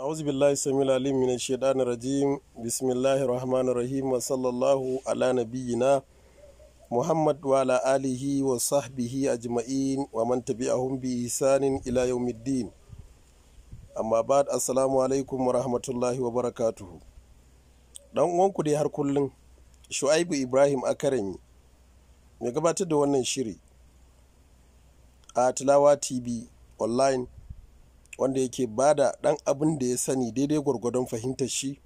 auzu billahi sami lalim mina shaidanar rajim bismillahi rahmanu rahim wa sallallahu ala nabiyina muhammad wa ala alihi wa sahbihi a jima'in wa mantabi a humbi sanin ila yau middin amma ba da assalamu alaikum wa rahmatullahi wa barakatuhu don wanku dai har kullum shu'aibu ibrahim a karen yi gabatar da wannan shiri a tilawa tv online wanda yake bada ɗan abin da ya sani daidai gwargwadon fahimtar shi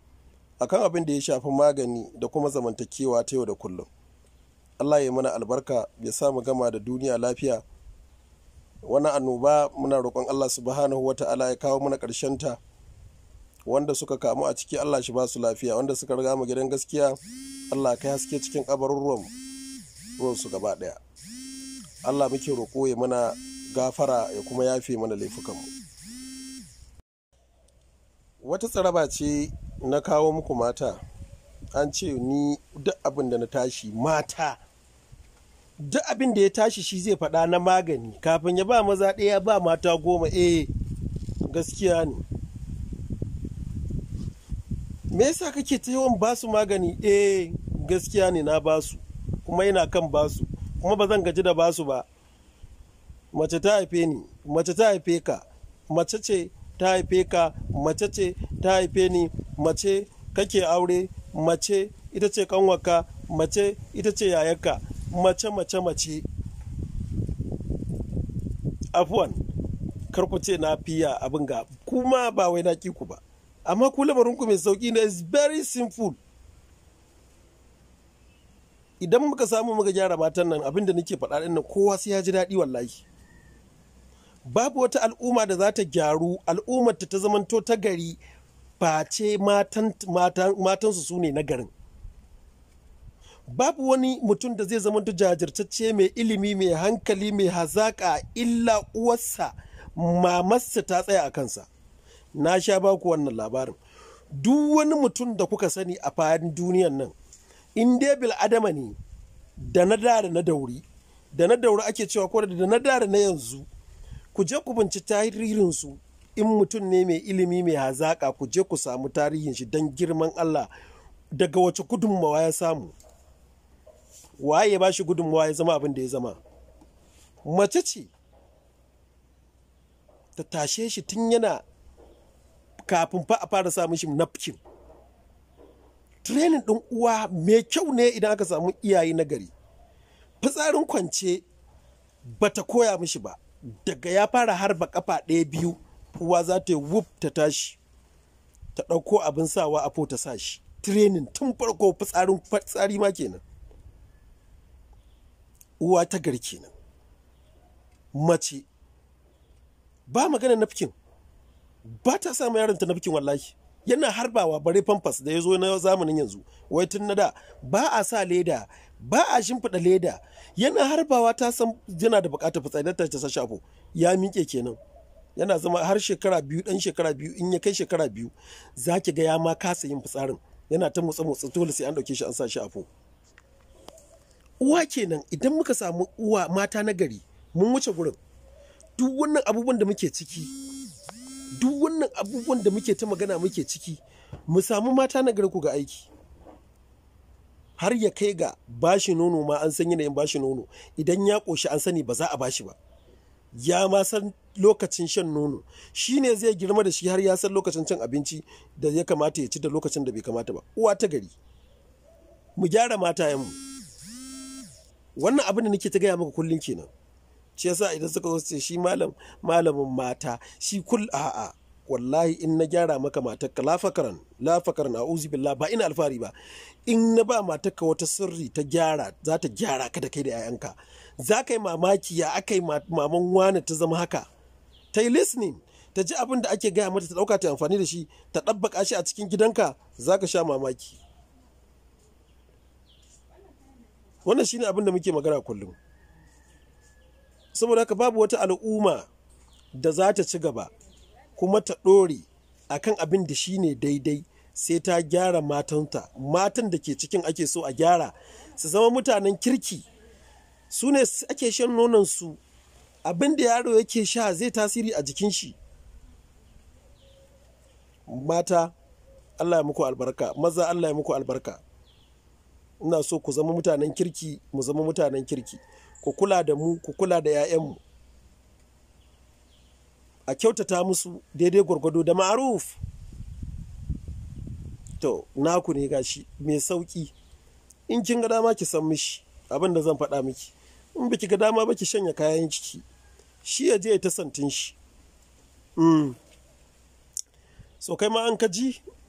akan abin da ya shafi magani da kuma zamantakewa ta yau da kullum allah ya mana albarka ya sa mu gama da duniya lafiya wani annoba muna roƙon allah subhanahu wata'ala ya kawo mana ta wanda suka kamu a ciki allah shi ba su lafiya wanda suka riga mu gidan gaskiya allah kai haske cikin kabarurruwan ruwan su gaba ɗaya allah muke roƙo ya mana gafara ya kuma yafe mana laifukanmu wata tsaraba ce na kawo muku mata an ce ni duk abin da na tashi mata duk abin da ya tashi shi zai faɗa na magani kafin ya ba maza ɗaya ba mata goma eh gaskiya ne me yasa kake ta yawan basu magani eh gaskiya ne na basu kuma yana kan basu kuma ba zan gaji da basu ba mace ta haife ni mace ta haife ka mace ce ta haife ka mace ce ta haife ni mace kake aure mace ita ce kanwarka mace ita ce yayarka mace mace mace afuwan karku ce na fiya abin ga kuma ba wai na ku ba amma ku lamarinku mai sauki na is very simple idan muka samu muka gyara matan nan abinda nake faɗa ɗin nan kowa sai ya ji daɗi wallahi babu wata al'umma da za ta gyaru al'ummar ta zamanto ta gari face matansu su ne na garin babu wani mutum da zai zamanto jajirtacce mai ilimi mai hankali mai hazaƙa illa uwarsa mamarsa ta tsaya a kansa na sha baku wannan labarin duk wani mutum da kuka sani a fadin duniyan nan in dai bil adama ne da na da na dauri da na dauri ake cewa ko da na da na yanzu ku je ku binci tarihinsu in mutum ne mai ilimi mai hazaƙa ku je ku samu tarihin shi don girman Allah daga wace gudunmawa ya samu waye ya shi gudunmawa ya zama abin da ya zama mace ce ta tashe shi tun yana kafin fa a fara samun shi napkin Tirenin ɗin uwa mai kyau ne idan aka samu iyaye na gari fitsarin kwance bata koya mishi ba daga ya fara harba kafa ɗaya biyu uwa za ta yi wuf ta tashi ta ɗauko abin sawa a ta sa shi training tun farko fitsarin fitsari ma kenan uwa ta gar kenan mace ba magana nafkin ba ta samun yaron ta nafkin wallahi yana harbawa bare famfas da ya zo na zamanin yanzu wai tun na da ba a sa leda ba a shimfiɗa leda yana harbawa ta san yana da buƙatar fitsari ta ta shafo ya miƙe kenan yana zama har shekara biyu ɗan shekara biyu in ya kai shekara biyu za ki ga ya ma kasa yin fitsarin yana ta motsa motsa dole sai an ɗauke shi an sa shi uwa kenan idan muka samu uwa mata na gari mun wuce gurin duk wannan abubuwan da muke ciki wannan abubuwan da muke ta magana muke ciki mu samu mata na ku ga aiki har ya kai ga bashi nono ma an san yanayin bashi nono idan ya ƙoshi an sani ba za a bashi ba ya ma san lokacin shan nono shi ne zai girma da shi har ya san lokacin cin abinci da ya kamata ya ci da lokacin da bai kamata ba uwa ta gari mu gyara mata matayenmu wannan abin da nake ta gaya maka kullum kenan shi yasa idan suka zo ce shi malamin mata shi kul a'a wallahi in na gyara maka matarka lafakaran lafakaran a fakaran ba ina alfahari ba in na ba matarka wata sirri ta gyara za ta gyara ka da kai da 'ya'yanka za ka yi mamaki ya aka yi maman wani ta zama haka ta yi listening ta ji abin da ake gaya mata ta ɗauka ta amfani da shi ta ɗabbaka shi a cikin gidanka za ka sha mamaki wannan shine abin da muke magana kullum saboda haka babu wata al'umma da za ta ci gaba kuma ta ɗore a kan abin da shi ne daidai sai ta gyara matanta matan da ke cikin ake so a gyara su zama mutanen kirki su ne ake shan nonansu abin da yaro yake sha zai tasiri a jikin shi mata allah ya muku albarka maza allah ya muku albarka ina so ku zama mutanen kirki mu zama mutanen kirki ku kula da mu ku kula da 'ya'yanmu a kyautata musu daidai gwargwado da ma'aruf to naku ne gashi mai sauki in kin ga dama ki san mishi abin da zan faɗa miki in biki ga dama ba ki shanya kayan ciki shi ya je ya ta santin shi mm. so kai ma an ka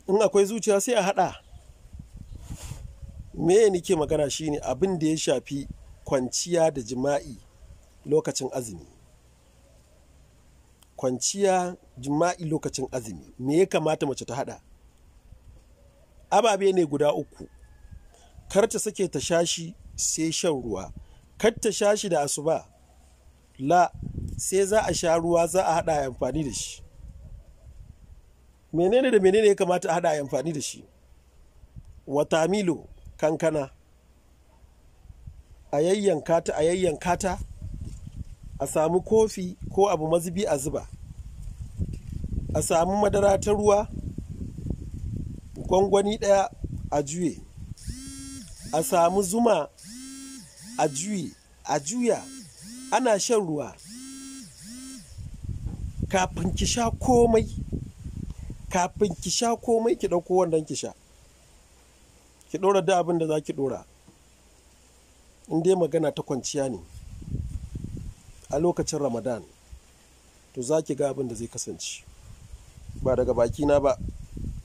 in akwai zuciya sai a haɗa me nake magana shine abin da ya shafi kwanciya da jima'i lokacin azumi kwanciya jima'i lokacin azumi me ya kamata mace ta hada ababe ne guda uku kar ta sake ta shashi sai shan ruwa kar ta shashi da asuba la sai za a sha ruwa za a hada amfani da shi menene da menene ya kamata a hada amfani da shi watamilo kankana a yayyanka ta a yayyanka ta a samu kofi ko abu mazubi a zuba a samu madara ta ruwa gwangwani ɗaya a juye a samu zuma a juye a juya ana shan ruwa kafin ki sha komai kafin ki sha komai ki ɗauko wannan ki sha ki ɗora da abin da za ki ɗora in dai magana ta kwanciya ne a lokacin ramadan to za ki ga abin da zai kasance ba daga bakina ba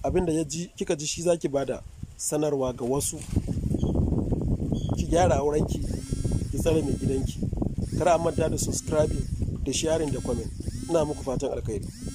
abin da kika ji shi za ki da sanarwa ga wasu ki gyara aurenki ki tsare mai gidanki kar a manta da subscribing da sharing da comment ina muku fatan alkhairi